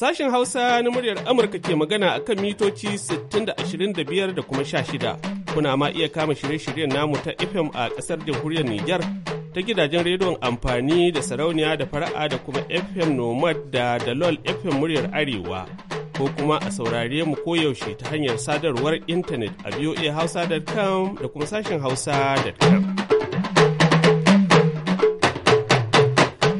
Sashen Hausa na muryar Amurka ke magana a kan mitoci da da kuma shida, Kuna ma iya kama shirye-shiryen namu ta FM a ƙasar jamhuriyar Nijar ta gidajen rediyon amfani da sarauniya da fara'a da kuma FM Nomad da Dalol FM muryar Arewa. Ko kuma a saurare mu koyaushe ta hanyar sadarwar intanet a voahausa.com da kuma sashen hausa.com.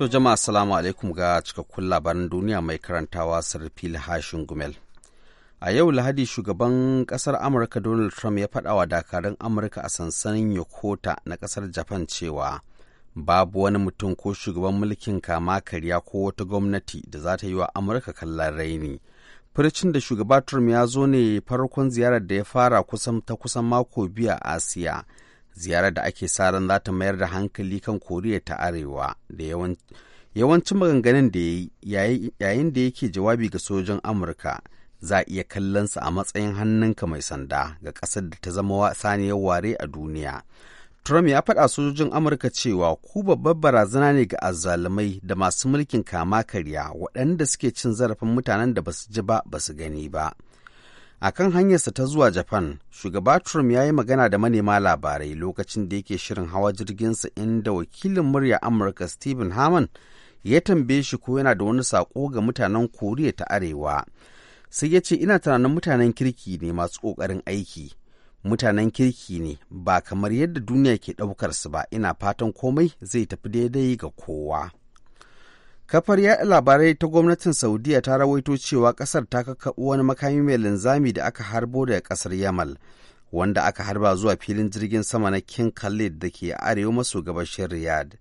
To jama'a assalamu alaikum ga cikakkun labaran duniya mai karantawa sarfil hashin gumel. A yau Lahadi shugaban kasar Amurka Donald Trump ya faɗa wa dakarun Amurka a sansanin Yokota na kasar Japan cewa babu wani mutum ko shugaban mulkin kama karya ko wata gwamnati da za ta yi wa Amurka kallon raini. Furcin da shugaba Trump ya zo ne farkon ziyarar da ya fara kusan ta kusan mako biyu a Asiya. ziyarar da ake sa ran za ta mayar da hankali kan koriya ta arewa da yawancin maganganun da ya yi yayin da yake jawabi ga sojin amurka za a iya kallonsa a matsayin hannunka mai sanda ga ƙasar da ta zama saniyar ware a duniya trump ya faɗa sojojin amurka cewa ku babbar barazana ne ga azzalumai da masu mulkin kama karya waɗanda suke cin zarafin mutanen da basu ji ba basu gani ba A kan hanyarsa ta zuwa Japan, shugaba Trump ya yi magana da manema labarai lokacin da yake shirin hawa jirginsa inda wakilin murya Amurka Stephen Harmon ya tambaye shi ko yana da wani saƙo ga mutanen Koriya ta Arewa. Sai ya ce ina tunanin mutanen kirki ne masu ƙoƙarin aiki. Mutanen kirki ne ba kamar yadda duniya ke ɗaukar su ba ina fatan komai zai tafi daidai ga kowa. Kafar yaɗa labarai ta gwamnatin Saudiya ta rawaito cewa ƙasar ta kakkaɓo wani makami mai linzami da aka harbo daga ƙasar Yamal, wanda aka harba zuwa filin jirgin sama na King Khalid da ke arewa maso gabashin riyad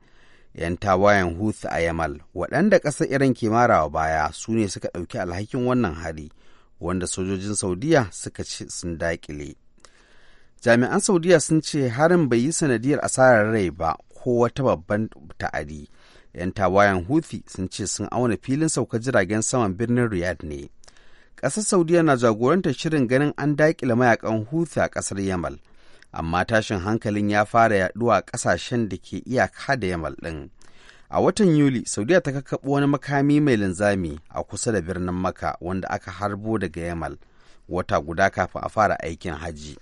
'Yan tawayen huth a Yamal, waɗanda ƙasar Iran ke marawa baya su ne suka ɗauki alhakin wannan hari, wanda sojojin Saudiya suka ce sun daƙile. Jami'an Saudiya sun ce harin bai yi sanadiyar asarar rai ba ko wata babban ta'adi. 'yan tawayen houthi sun ce sun auna filin sauka jiragen saman birnin riyadh ne ƙasar saudiya na jagorantar shirin ganin an daƙile mayakan houthi a ƙasar yamal amma tashin hankalin ya fara yaɗuwa a ƙasashen da ke iyaka da yamal ɗin a watan yuli saudiya ta kakkaɓo wani makami mai linzami a kusa da birnin maka wanda aka harbo daga yamal wata guda kafin a fara aikin hajji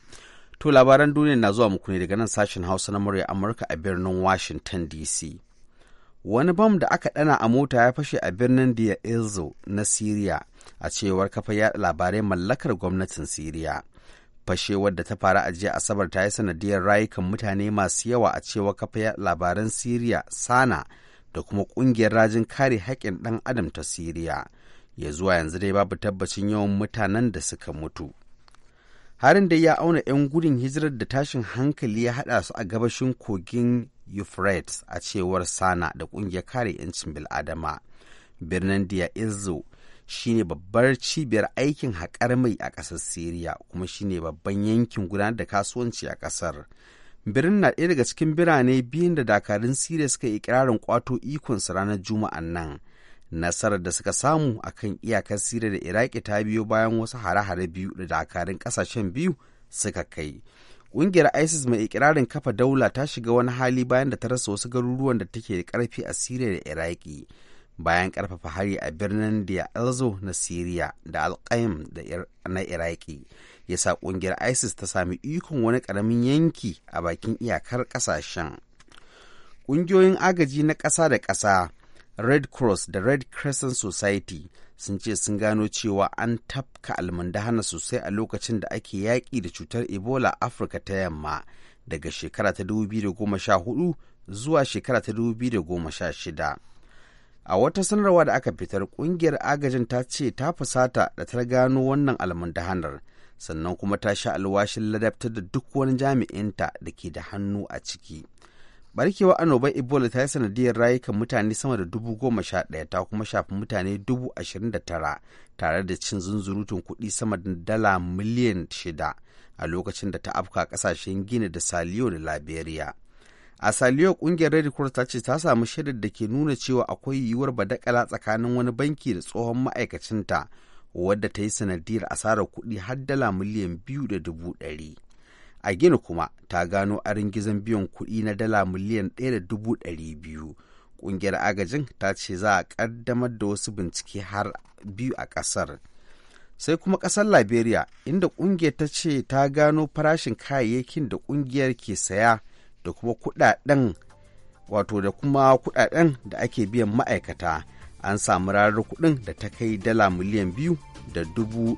to labaran duniya na zuwa muku ne daga nan sashen hausa na murya amurka a birnin washington dc wani bam da aka ɗana a mota ya fashe a birnin Deir Ezzor na Siriya a cewar kafa yaɗa labarai mallakar gwamnatin Siriya. Fashewar da ta faru a jiya Asabar ta yi sanadiyar rayukan mutane masu yawa a cewar kafa yaɗa labaran Siriya Sana da kuma ƙungiyar rajin kare haƙƙin ɗan adam ta Siriya. Ya zuwa yanzu dai babu tabbacin yawan mutanen da suka mutu. harin da ya auna 'yan gudun hijirar da tashin hankali ya haɗa su a gabashin kogin euphrates a cewar sana da ƙungiyar kare 'yancin bil'adama birnin dia izo shine babbar cibiyar aikin haƙar mai a ƙasar syria kuma shine babban yankin gudanar da kasuwanci a ƙasar birnin na ɗaya daga cikin birane biyun da dakarun syria suka yi ikirarin kwato ikonsa ranar juma'an nan nasarar da suka samu a kan iyakar siriya da iraki ta biyo bayan wasu hare-hare biyu da dakarun kasashen biyu suka kai ƙungiyar isis mai ikirarin kafa daula ta shiga wani hali bayan da ta rasa wasu garuruwan da take da karfi a siriya da iraki bayan karfafa hari a birnin da elzo na siriya da alqaim na iraki ya sa ƙungiyar isis ta sami ikon wani ƙaramin yanki a bakin iyakar ƙasashen ƙungiyoyin agaji na ƙasa da ƙasa red cross da red crescent society sun ce sun gano cewa an tafka hana sosai a lokacin da ake yaƙi da cutar ebola afirka ta yamma daga shekara ta 2014 zuwa shekara ta 2016 a wata sanarwa da aka fitar ƙungiyar agajin ta ce ta fusata da ta gano wannan almundahanar sannan kuma ta sha alwashin ladabtar da duk wani jami'inta da ke da hannu a ciki barkewa annobar ebola ta yi sanadiyar rayukan mutane sama da dubu goma sha ɗaya ta kuma shafi mutane dubu ashirin da tara tare da cin zunzurutun kuɗi sama da dala miliyan shida a lokacin da ta afka ƙasashen gini da saliyo da liberia a saliyo ƙungiyar red cross ta ce ta samu shaidar da ke nuna cewa akwai yiwuwar badakala tsakanin wani banki da tsohon ma'aikacinta wadda ta yi sanadiyar asarar kuɗi har dala miliyan biyu da dubu ɗari a gini kuma ta gano arin gizon biyan kuɗi na dala miliyan ɗaya biyu ƙungiyar agajin ta ce za a ƙaddamar da wasu bincike har biyu a ƙasar sai kuma ƙasar liberia inda ƙungiyar ta ce ta gano farashin kayayyakin da ƙungiyar ke saya da kuma kuɗaɗen wato da kuma kuɗaɗen da ake biyan ma'aikata an samu rarar kuɗin da ta kai dala miliyan biyu da dubu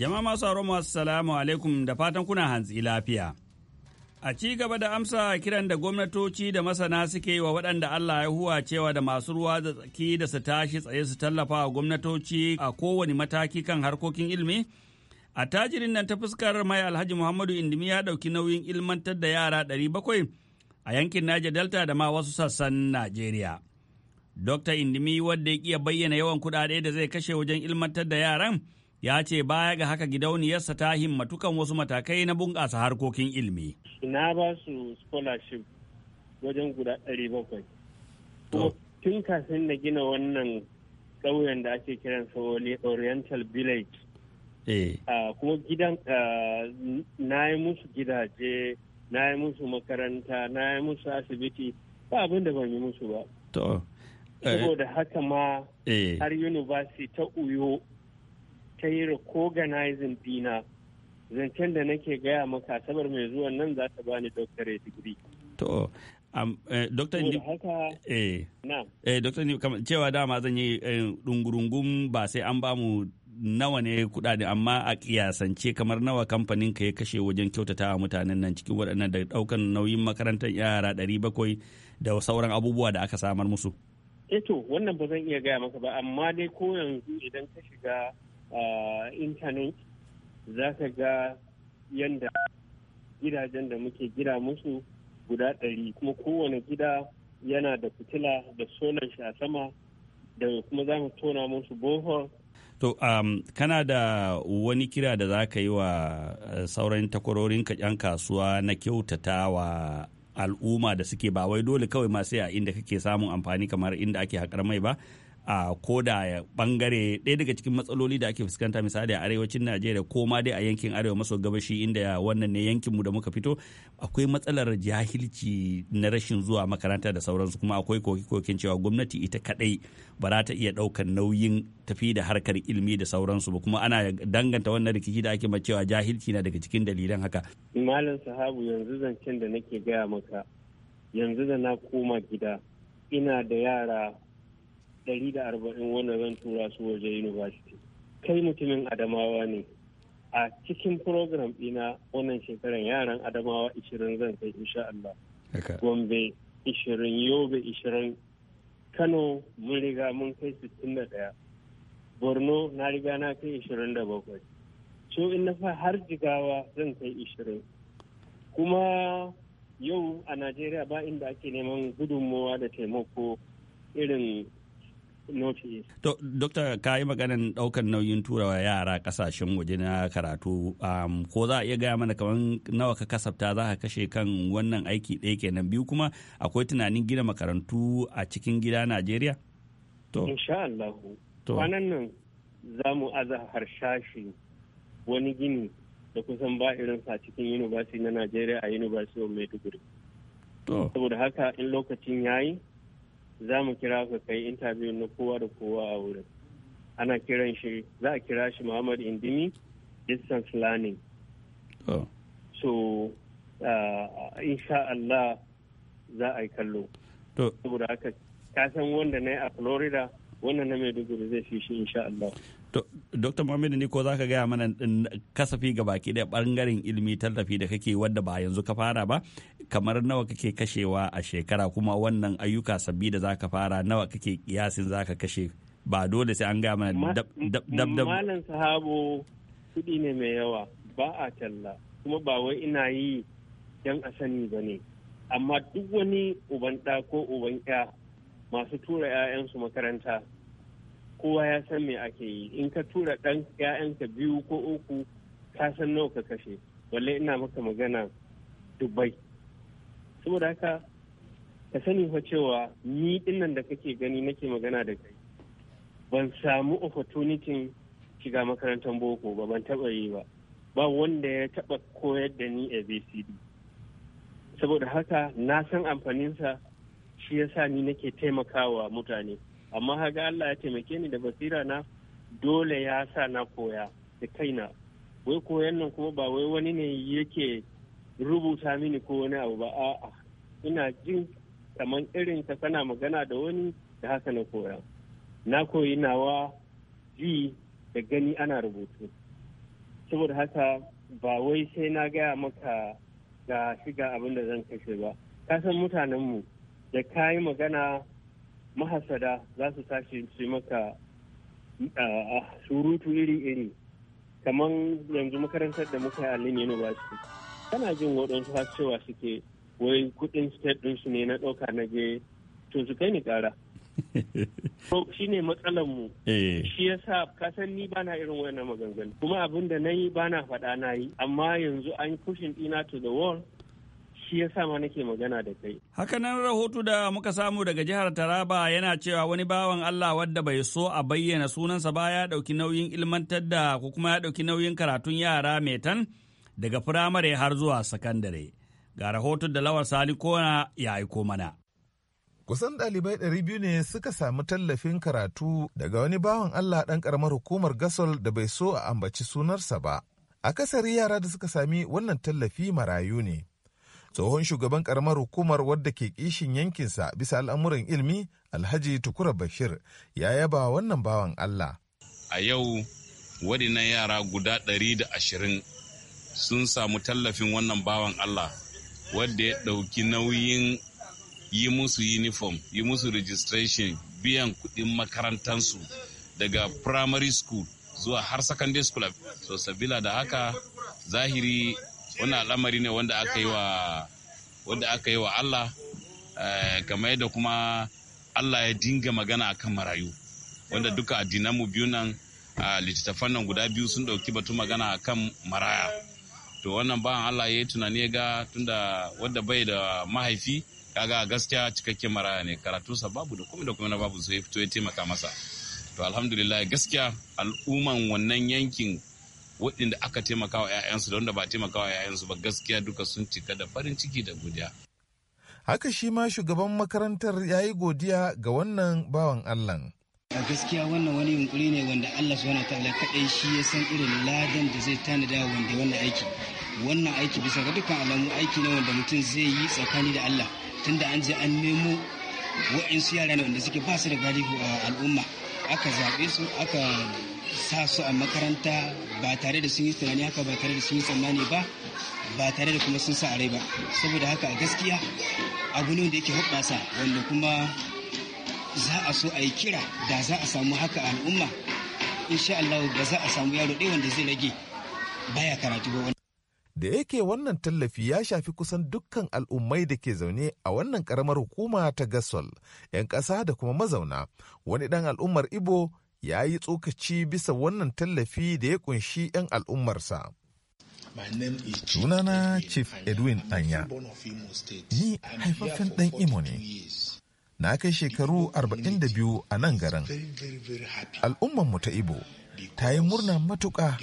Jama'a masu aroma assalamu alaikum da fatan kuna hantsi lafiya. A ci gaba da amsa kiran da gwamnatoci da masana suke yi wa waɗanda Allah ya huwa cewa da masu ruwa da tsaki da su tashi tsaye su tallafa wa gwamnatoci a kowane mataki kan harkokin ilimi. A tajirin nan ta fuskar mai Alhaji Muhammadu Indimi ya ɗauki nauyin ilmantar da yara ɗari a yankin Niger Delta da ma wasu sassan Najeriya. Dokta Indimi wanda ya bayyana yawan kuɗaɗe da zai kashe wajen ilmantar da yaran. ya ce baya ga haka gidauniyarsa ta himmatu kan wasu matakai na bunƙasa harkokin ilimi. Na ba su scholarship wajen guda ɗari bakwai. Tun kafin na gina wannan ƙauyen da ake kiran Oriental Village. Eh. Kuma gidan na yi musu gidaje, na yi musu makaranta, na yi musu asibiti, ba abin da ban yi musu ba. Eh. Saboda haka ma eh. har University ta Uyo ta yi recognizing dina zancen da nake gaya maka sabar mai zuwa nan za ta bani doctorate degree to um, eh, Dr. Ndi, eh, eh Dr. Ndi, kama, cewa dama zan yi eh, rungurungun ba sai an bamu nawa ne kudade amma a kiyasance kamar nawa kamfanin ka ya kashe wajen kyautata wa mutanen nan cikin waɗannan da ɗaukan nauyin makarantar yara ɗari bakwai da sauran abubuwa da aka samar musu. Eto eh wannan ba zan iya gaya maka ba amma dai ko yanzu idan ka shiga intanet za ka ga yadda gidajen da muke gida musu guda ɗari kuma kowane gida yana da fitila da solan shi a sama da kuma za mu tona musu bohol To, um, kana da wani kira da za ka yi wa eh, sauran takwarorin yan kasuwa na kyautata wa al'umma da suke ba wai dole kawai ma sai a inda kake samun amfani kamar inda ake haƙar mai ba a koda bangare ɗaya daga cikin matsaloli da ake fuskanta misali a arewacin najeriya ko ma dai a yankin arewa maso gabashi inda wannan ne mu da muka fito akwai matsalar jahilci na rashin zuwa makaranta da sauransu kuma akwai koke-koken cewa gwamnati ita kadai ba za ta iya ɗaukar nauyin tafi da harkar ilimi da sauransu ba kuma ana danganta wannan rikici da ake ma cewa jahilci na daga cikin dalilan haka malam sahabu yanzu zancen da nake gaya maka yanzu da na koma gida ina da yara ɗari da arba'in wanda zan tura su waje university kai mutumin adamawa ne a cikin program ɗina wannan shekaran yaran adamawa ishirin zan kai insha Allah gombe ishirin yobe ishirin kano mun riga mun kai sittin da ɗaya borno na riga na kai ishirin da bakwai so in na har jigawa zan kai ishirin kuma yau a najeriya ba inda ake neman gudunmowa da taimako irin north Dokta ka yi maganin ɗaukar nauyin turawa yara kasashen waje na karatu ko za a iya gaya mana kamar nawa ka kasafta za ka kashe kan wannan aiki ɗaya kenan biyu kuma akwai tunanin gina makarantu a cikin gida Najeriya? To. Insha Allah. Kwanan nan za mu aza harshashi wani gini da kusan ba irin a cikin university na Najeriya a University of Maiduguri. To. Saboda haka in lokacin yayi za mu kira ka kai interview na kowa da kowa a wurin ana kiran shi za a kira shi muhammad indimi distance learning oh. so uh, insha Allah za a yi kallo saboda haka ka san wanda na a florida wannan na maiduguri zai fi shi insha Allah Dr. Muhammadu ni ko za ka gaya mana kasafi ga baki ɗaya bangaren ilimi tallafi da kake wadda ba yanzu ka fara ba kamar nawa kake kashewa a shekara kuma wannan ayyuka sabbi da za ka fara nawa kake kiyasin za ka kashe ba dole sai an gaya mana dab dab. Malam sahabo kuɗi ne mai yawa ba a talla kuma ba wai ina yi yan asani ba ne amma duk wani uban ɗa ko uban ya masu tura 'ya'yansu makaranta kowa ya san me ake yi in ka tura ɗan ‘ya'yanka biyu ko uku ka san nawa ka kashe walle ina maka magana dubai saboda haka ka sani fa cewa ni dinnan da kake gani nake magana da kai ban samu opportunity shiga makarantar boko ba ban taɓa yi ba ba wanda ya taɓa koyar da ni abcd saboda haka na san amfaninsa shi yasa ni nake taimakawa mutane amma haga Allah ya taimake ni da basira na dole ya sa na koya da kaina wai koyan nan kuma ba wai wani ne yake rubuta mini ko wani abu ba a'a ina jin kamar irin ka kana magana da wani da haka na koya na koyi nawa ji da gani ana rubutu saboda haka ba wai sai na gaya maka ga shiga abin da zan kashe ba kasan mutanenmu da kayi magana mahasada za su tashi su maka surutu iri-iri kamar yanzu makarantar da muka yi a Lin University kana jin waɗansu har cewa suke wai kuɗin state ɗinsu ne na ɗauka na je to su kai ni ƙara shi ne mu eh. shi ya sa kasan ni bana irin na maganganu kuma abin da na yi bana faɗa na yi amma yanzu an kushin ɗina to the wall shi ya sa ma nake magana da kai. Hakanan rahoto da muka samu daga jihar Taraba yana cewa wani bawan Allah wadda bai so a bayyana sunansa ba ya ɗauki nauyin ilmantar da ko kuma ya ɗauki nauyin karatun yara mai tan daga firamare har zuwa sakandare. Ga rahoton da Lawar Sali Kona ya aiko mana. Kusan ɗalibai ɗari biyu ne suka sami tallafin karatu daga wani bawan Allah ɗan ƙaramar hukumar Gasol da bai so a ambaci sunarsa ba. a Akasari yara da suka sami wannan tallafi marayu ne. tsohon shugaban karamar hukumar wadda ke kishin yankinsa bisa al'amuran ilmi alhaji tukura bashir ya yaba wannan bawan allah a yau waɗannan yara guda 120 sun samu tallafin wannan bawan allah wadda ya ɗauki nauyin yi musu uniform yi musu registration biyan kuɗin makarantansu daga primary school zuwa har secondary school so sabila da haka zahiri wannan al'amari ne wanda aka yi wa wanda aka yi wa Allah eh, kamar yadda kuma Allah ya dinga magana akan marayu wanda duka addinanmu biyu nan a littattafan nan guda biyu sun ɗauki batu magana akan maraya to wannan ba Allah ya yi tunani ga tunda wanda bai da mahaifi kaga gaskiya cikakken maraya ne sa babu da kuma da kuma babu sai fito ya taimaka masa to alhamdulillah gaskiya al'umman wannan yankin waɗanda aka taimaka wa 'ya'yansu da wanda ba taimaka wa 'ya'yansu ba gaskiya duka sun cika da farin ciki da godiya haka shi ma shugaban makarantar ya yi godiya ga wannan bawan allah a gaskiya wannan wani yunkuri ne wanda Allah wani ta'ala kadai shi ya san irin ladan da zai tanada wanda wannan aiki wannan aiki bisa ga dukkan alamu aiki ne wanda mutum zai yi tsakani da Allah tunda an je an nemo wa'insu yara ne wanda suke ba su da galihu a al'umma aka zaɓe su aka sa su a makaranta ba tare da sun yi tunani haka ba tare da sun yi tsammani ba ba tare da kuma sun sa a rai ba saboda haka a gaskiya abu ne da yake hoɓɓasa wanda kuma za a so a yi kira da za a samu haka al'umma insha Allah ba za a samu yaro ɗaya wanda zai rage baya karatu ba da yake wannan tallafi ya shafi kusan dukkan al'ummai da ke zaune a wannan karamar hukuma ta gasol 'yan ƙasa da kuma mazauna wani ɗan al'ummar ibo ya yi tsokaci bisa wannan tallafi da ya kunshi 'yan al'ummarsa. Sunana Chief Edwin Anya, ni haifafen ɗan Imo ne. Na kai shekaru 42 a nan garin. Al'ummarmu ta Ibo ta yi murna matuƙa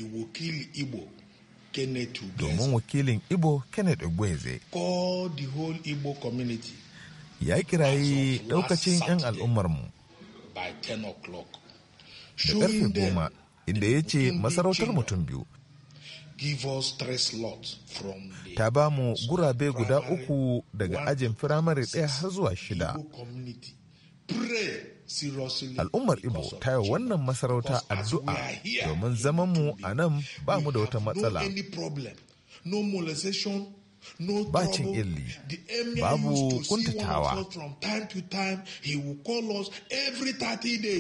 domin wakilin Ibo Kenneth Ogweze. Ya kirayi ɗaukacin 'yan al'ummarmu. da ƙarfe goma inda ya ce masarautar mutum biyu ta ba mu gurabe guda uku daga ajin firamare ɗaya har zuwa shida al'ummar ibo ta yi wannan masarauta addu'a domin zaman mu a nan ba mu da wata matsala bacin illi babu kuntatawa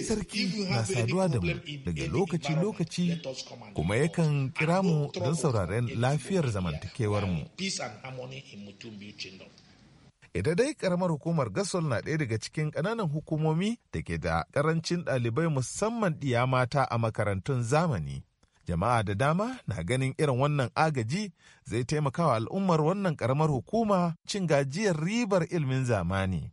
sarki na saduwa da mu daga lokaci-lokaci kuma yakan kira mu don sauraren lafiyar zamantakewar mu ida e dai karamar hukumar Gasol na ɗaya daga cikin ƙananan hukumomi da ke da ƙarancin ɗalibai musamman ɗiya mata a makarantun zamani. jama'a da dama na ganin irin wannan agaji zai taimakawa al'ummar wannan karamar hukuma cin gajiyar ribar ilmin zamani.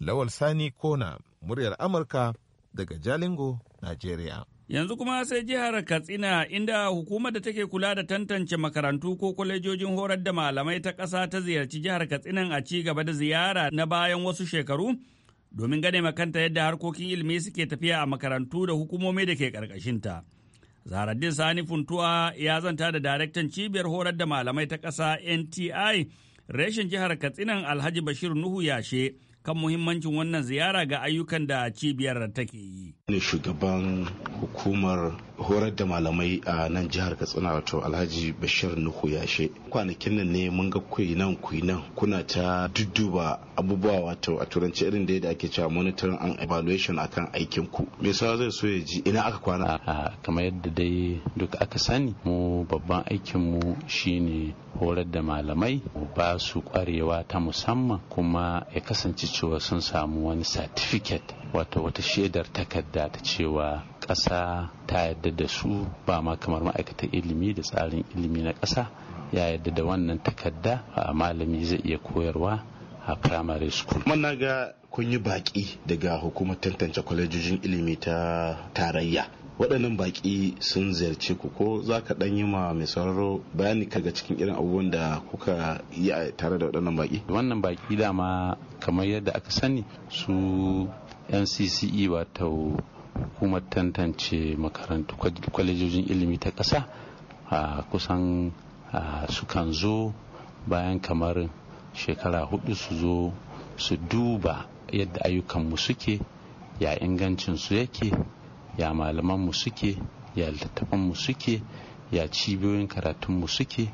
Lawal Sani Kona, muryar Amurka daga Jalingo, Najeriya. Yanzu kuma sai jihar Katsina inda hukumar da take kula da tantance makarantu ko kwalejojin horar da malamai ta ƙasa ta ziyarci jihar Katsina a ci gaba da ziyara na bayan wasu shekaru domin gane makanta yadda harkokin ilimi suke tafiya a makarantu da hukumomi da ke ƙarƙashinta. Zaharaddin Sani Funtuwa ya zanta da daraktan cibiyar horar da malamai ta ƙasa NTI reshen jihar Katsinan Alhaji Bashir Nuhu Yashe kan muhimmancin wannan ziyara ga ayyukan da cibiyar take yi. shugaban hukumar horar da malamai a nan jihar katsina wato alhaji bashir nuhu yashe kwanakin nan ne mun ga kuyi nan kuyi nan kuna ta dudduba abubuwa wato a turanci irin da yadda ake cewa monitoring and evaluation akan aikin ku me yasa zai so ya ji ina aka kwana kamar yadda dai duka aka sani mu babban aikin mu shine horar da malamai ba su kwarewa ta musamman kuma ya kasance cewa sun samu wani certificate wato wata shaidar takarda ta cewa ƙasa ta yadda da su ba ma kamar ma'aikatan ilimi da tsarin ilimi na ƙasa ya yadda da wannan takarda malami zai iya koyarwa a primary school. Muna ga kun yi baƙi daga hukumar tantance kwalejojin ilimi ta tarayya. waɗannan baƙi sun ziyarci ku ko za ka ɗan yi ma mai sauraro bayani kaga cikin irin abubuwan da kuka yi a tare da waɗannan baƙi? wannan baƙi dama kamar yadda aka sani su ncce wato hukumar tantance makarantu kwalejojin ilimi ta ƙasa a kusan sukan zo bayan kamar shekara hudu su zo su duba yadda ayyukanmu suke ya ingancinsu yake ya malamanmu suke ya littattafanmu suke ya cibiyoyin karatunmu suke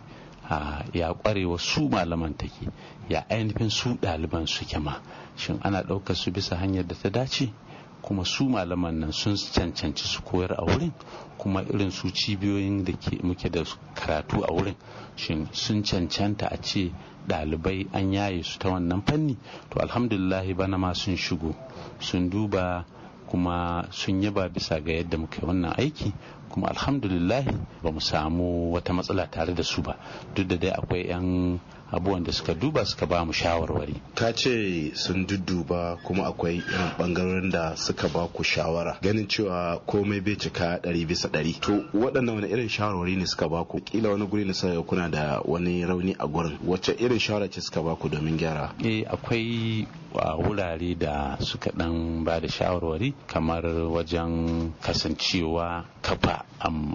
ya kwarewa su malaman take ya ainihin su ɗaliban suke ma shin ana ɗaukar su bisa hanyar da ta dace kuma su malaman nan sun cancanci su koyar a wurin kuma irin su cibiyoyin da muke da karatu a wurin shin sun cancanta a ce ɗalibai an yaye su ta wannan fanni to alhamdulillahi bana ma sun shigo sun duba kuma sun yaba bisa ga yadda muka yi wannan aiki kuma alhamdulillahi ba mu samu wata matsala tare da su ba duk da dai akwai 'yan abubuwan da suka duba suka ba mu shawarwari ka ce sun dudduba kuma akwai irin bangarorin da suka ba ku shawara ganin cewa komai bai cika ɗari bisa ɗari to waɗannan wani irin shawarwari ne suka ba ku kila wani guri ne suka kuna da wani rauni a gurin wacce irin shawara ce suka ba ku domin gyara eh akwai wurare da suka ɗan ba da shawarwari kamar wajen kasancewa kafa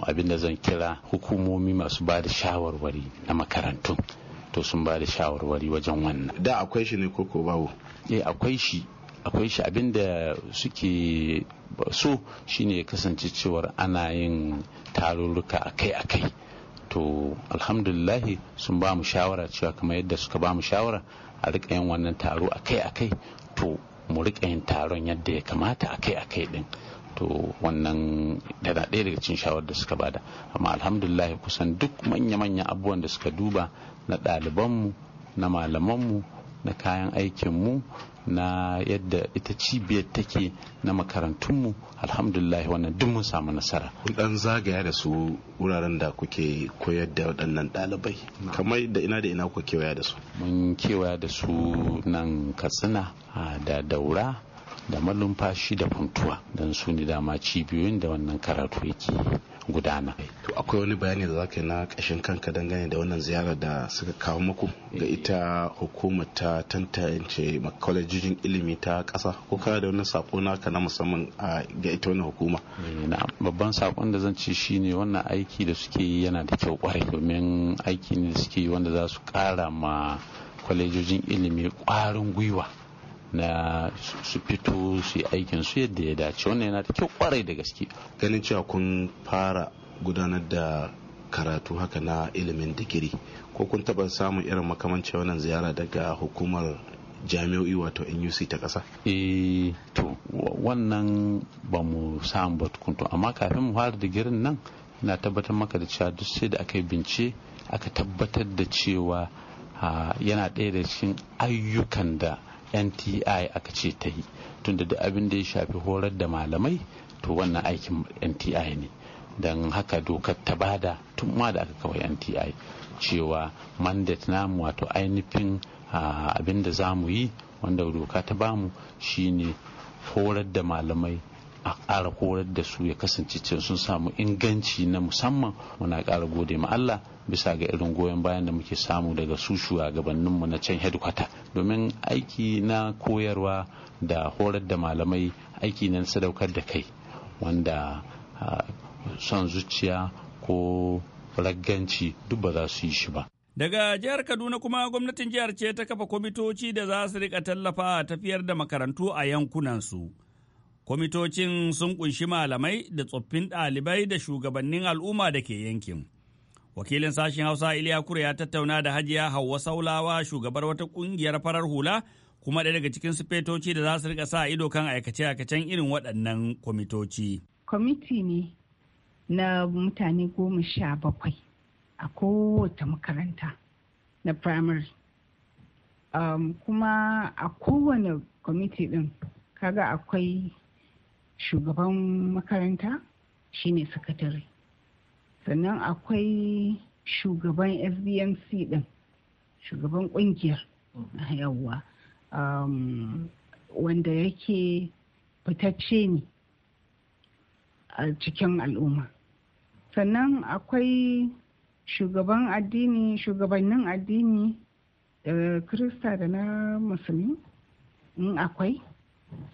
abin da zan kira hukumomi masu ba da shawarwari na makarantu. to sun ba da shawarwari wajen wannan da akwai shi ne koko babu eh akwai shi akwai shi abinda suke so shine ya kasance cewar ana yin tarurruka akai-akai to alhamdulillahi sun ba mu shawara cewa kamar yadda suka ba mu shawara a rika yin wannan taro akai-akai to mu rika yin taron yadda ya kamata akai-akai din to wannan tana ɗaya daga cikin shawar da suka bada amma alhamdulillah kusan duk manya manya abubuwan da suka duba na ɗalibanmu na malamanmu na kayan aikinmu na yadda ita cibiyar take na makarantunmu alhamdulillah wannan duk mun samu nasara kun dan zagaya da su wuraren da kuke koyar da waɗannan ɗalibai kamar da ina da ina kuka kewaya da su mun kewaya da su nan katsina da daura da malumfashi da funtuwa don su ne dama cibiyoyin da wannan karatu yake gudana. To akwai wani bayani da zaka yi na kashin kanka dangane da wannan ziyara da suka kawo maku? ga eh. ita hukumar ta tantance makalajijin ilimi ta ƙasa ko kana da wani sako naka na musamman ga ita wannan hukuma. Eh, babban sakon da zan ci shine wannan aiki da suke yi yana da kyau kwarai domin aiki ne da suke yi wanda za su ƙara ma kwalejojin ilimi ƙwarin gwiwa na su fito su yi aikin su yadda ya dace wannan yana da kyau kwarai da gaske ganin cewa kun fara gudanar da karatu haka na ilimin digiri ko kun taba samun irin makamanci wannan ziyara daga hukumar jami'o'i wato nuc ta ƙasa? eh to wannan ba mu samu ba tukuntu amma kafin mu fara digirin nan na tabbatar maka da cewa duk sai da aka yi bince aka tabbatar da cewa ah, yana ɗaya da cikin ayyukan da nti aka ce ta yi tunda duk abin da ya shafi horar da malamai to wannan aikin nti ne don haka dokar ta bada tun ma da aka kawai nti cewa mandate namu wato ainihin abin da za mu yi wanda doka ta bamu shine horar da malamai a ƙara horar da su ya kasance cewa sun samu inganci na musamman muna ƙara gode ma Allah bisa ga irin goyon bayan da muke samu daga su shugabanninmu na can headquarter domin aiki na koyarwa da horar da malamai aiki na sadaukar da kai wanda son zuciya ko ragganci duk ba za su yi shi ba. Daga jihar Kaduna kuma gwamnatin jihar ce ta kafa kwamitoci da za su rika tallafa tafiyar da makarantu a yankunansu. su. kwamitocin sun kunshi malamai da tsoffin ɗalibai da shugabannin al'umma da ke yankin wakilin sashen hausa iliya kure ya tattauna da hajiya hauwa saulawa shugabar wata kungiyar farar hula kuma ɗaya daga cikin sufetoci da za su rika sa ido kan aikace-aikacen irin waɗannan kwamitoci. Kwamiti ne na mutane goma sha bakwai a kowace makaranta na primary. Um, kuma a kowane kwamiti ɗin kaga akwai shugaban makaranta shine sakatare sannan akwai shugaban fbmc din shugaban kungiyar mm. yawwa um, wanda yake fitacce ne a cikin al'umma sannan akwai shugaban addini shugabannin addini da krista da na musulmi in akwai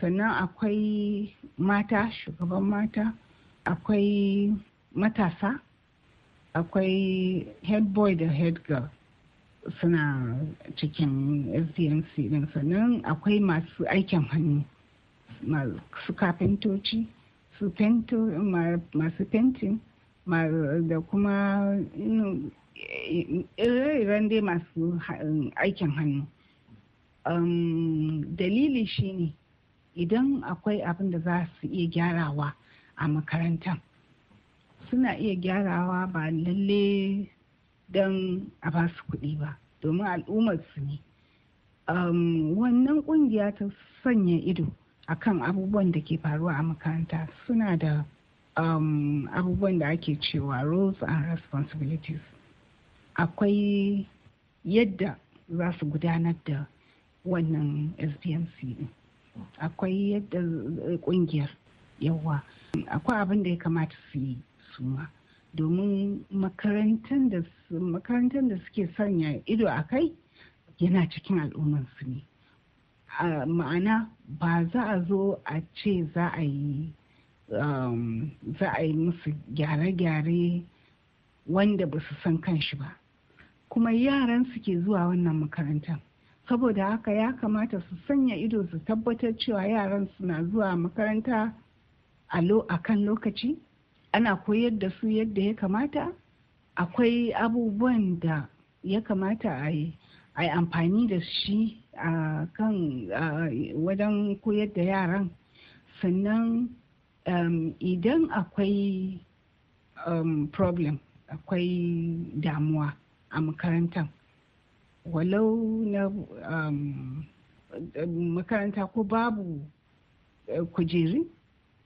sannan akwai mata shugaban mata akwai matasa akwai head boy da head girl suna cikin sdnc din sannan akwai masu aikin hannu masu kafintoci su masu fentin da kuma ire-iren dai masu aikin hannu um, dalili shine idan akwai abin da za su iya gyarawa a makarantar suna iya gyarawa ba lalle don a ba su kuɗi ba domin al'ummar su ne um, wannan ƙungiya ta sanya ido a kan abubuwan da ke faruwa a makaranta suna da um, abubuwan da ake cewa roles and responsibilities akwai yadda za su gudanar da wannan sbmc akwai yadda kungiyar eh, yawa akwai abin da ya kamata su yi su ma domin makarantar da suke sanya ido a kai yana cikin al'ummarsu ne ma'ana ba za a zo a ce za a yi um, za a yi musu gyare-gyare wanda ba su san kan shi ba kuma yaran suke zuwa wannan makarantar saboda haka ya kamata su sanya ido su tabbatar cewa yaran suna zuwa makaranta a kan lokaci ana koyar da su yadda ya kamata akwai abubuwan da ya kamata a yi amfani da shi a kan wajen koyar da yaran sannan um, idan akwai um, problem akwai damuwa a makarantar walau na um, makaranta ko babu eh, kujeri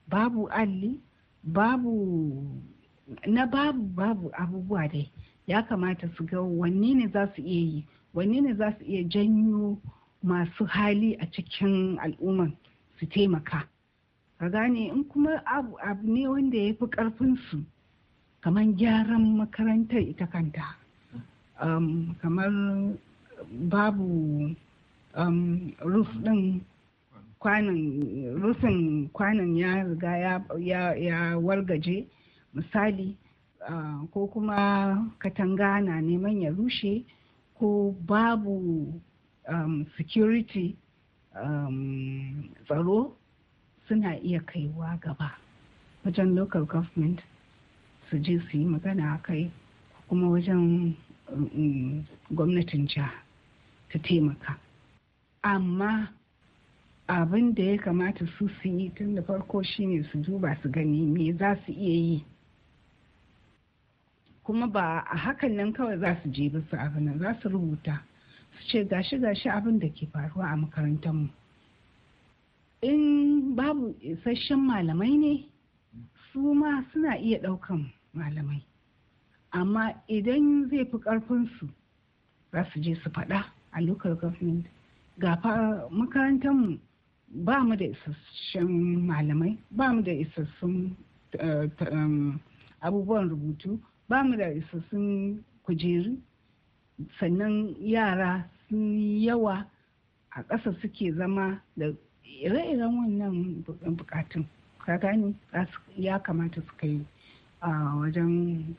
babu alli babu na babu babu abubuwa dai ya kamata su ga wanne ne za su iya yi wanne ne za su iya janyo masu hali a cikin al'umman su taimaka ka gane in kuma abu, abu ne wanda ya fi ƙarfinsu kamar gyaran makarantar ita kanta um, kamar babu um, din rufin kwanan ya riga ya, wargaje misali uh, ko kuma katanga na neman ya rushe ko babu um, security um, tsaro suna iya kaiwa gaba wajen local government su je su yi magana kai kuma wajen um, gwamnatin jiha ta taimaka amma abin da ya kamata su su yi tun da farko shine su duba su gani me za su iya yi kuma ba a hakan nan kawai za su je su abin nan za su rubuta su ce gashi gashi abin da ke faruwa a makarantar mu in babu isasshen malamai ne su ma suna iya ɗaukan malamai amma idan zai fi ƙarfinsu za su je su faɗa a local government ga makarantar mu ba mu da isasshen malamai ba mu da isassun um, abubuwan rubutu ba mu da isassun kujeru sannan yara sun yawa a ƙasa suke zama da ire-iren wannan bukatun kagani ya kamata su kai a uh, wajen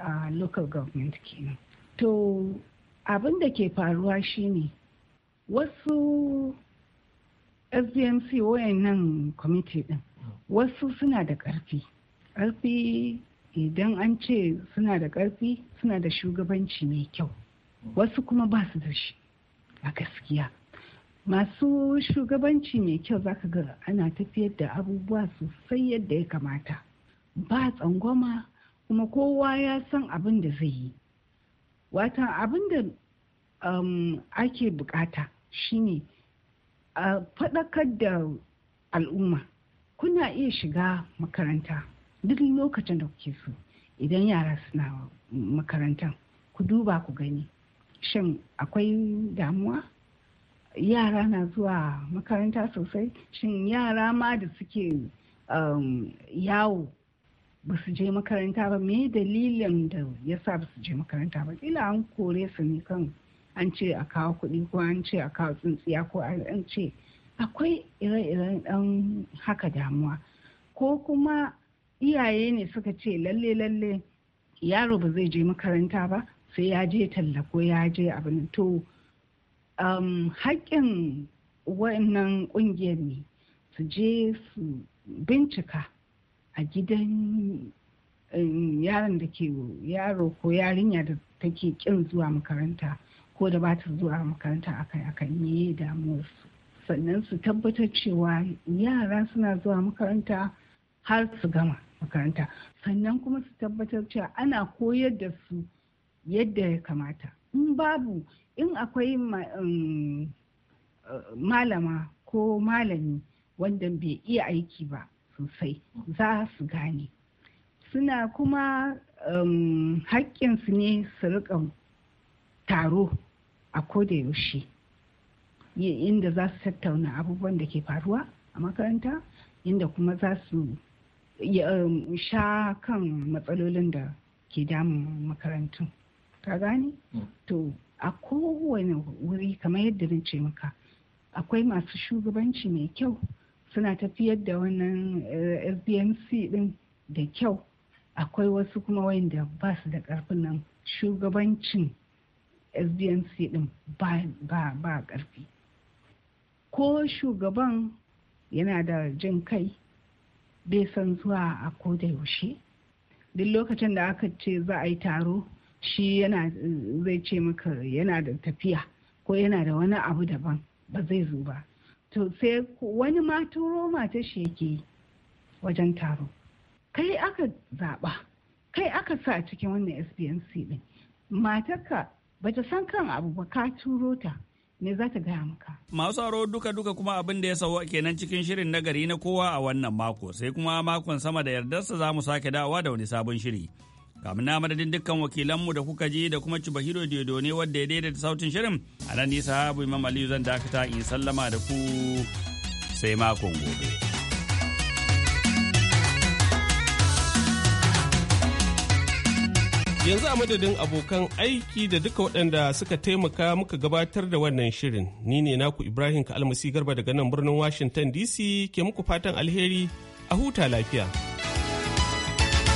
uh, local government kenan to abin da ke faruwa shine wasu wayan nan kwamiti din wasu suna da ƙarfi ƙarfi idan an ce suna da ƙarfi suna da shugabanci mai kyau wasu kuma ba su da shi a gaskiya masu shugabanci mai kyau zaka ga ana tafiyar da abubuwa sosai yadda ya kamata ba tsangwama kuma kowa ya san abin da zai yi wata abin da um, ake bukata shine a faɗakar da al'umma kuna iya shiga makaranta duk lokacin da kuke so idan yara suna makarantar ku duba ku gani shin akwai damuwa yara na zuwa makaranta sosai shin yara ma da suke um, yawo ba su je makaranta ba me dalilin da ya sa ba su je makaranta ba kila an kore su ne kan an ce a kawo kuɗi ko an ce a kawo tsintsiya ko an ce akwai ire-iren ɗan haka damuwa ko kuma iyaye ne suka ce lalle-lalle yaro ba zai je makaranta ba sai ya je talla ko ya je abin to um, haƙƙin wa'annan ƙungiyar ne su je su bincika a gidan eh, yaron da ke yaro ko yarinya da take kin zuwa makaranta ko da ba ta zuwa makaranta akai-akai me su sannan su tabbatar cewa yara suna zuwa makaranta har su gama makaranta sannan kuma su tabbatar cewa ana koyar da su yadda ya kamata in babu in akwai um, eh, malama ko malami wanda bai iya aiki ba sosai za su gane suna kuma um, haƙƙinsu ne su riƙa taro a yaushe inda za su tattauna abubuwan da ke faruwa a makaranta inda kuma za su um, sha kan matsalolin da ke damun makarantu ka gane mm. to a kowane wuri kamar yadda na ce maka akwai masu shugabanci mai kyau suna tafiyar da wannan eh, fbmc din da kyau akwai wasu kuma wayanda ba su da karfin nan shugabancin sbmc din ba ba karfi ko shugaban yana da jin kai bai san zuwa a koda yaushe duk lokacin da aka ce za a yi taro shi yana zai ce maka yana da tafiya ko yana da wani abu daban ba zai zo ba to sai wani ma Roma ta shi yake wajen taro kai aka zaɓa kai aka sa cikin wannan sbnc ɗin matarka ba ta san kan abu ba ka turo ta ne za ta gaya maka. Masu aro duka-duka kuma abin da ya sauwa kenan cikin shirin nagari na kowa a wannan mako sai kuma makon sama da yardarsa za mu sake dawa da wani sabon shiri. kamun na madadin dukkan wakilanmu da kuka ji da kuma Cibahiro Diodo ne wadda ya daidaita sautin shirin a nan nisa abu Imam Aliyu zan dakata in sallama da ku sai makon gobe. Yanzu a madadin abokan aiki da duka waɗanda suka taimaka muka gabatar da wannan shirin, ni ne naku Ibrahim ka almasi Garba daga nan birnin Washington DC ke muku fatan alheri a huta lafiya.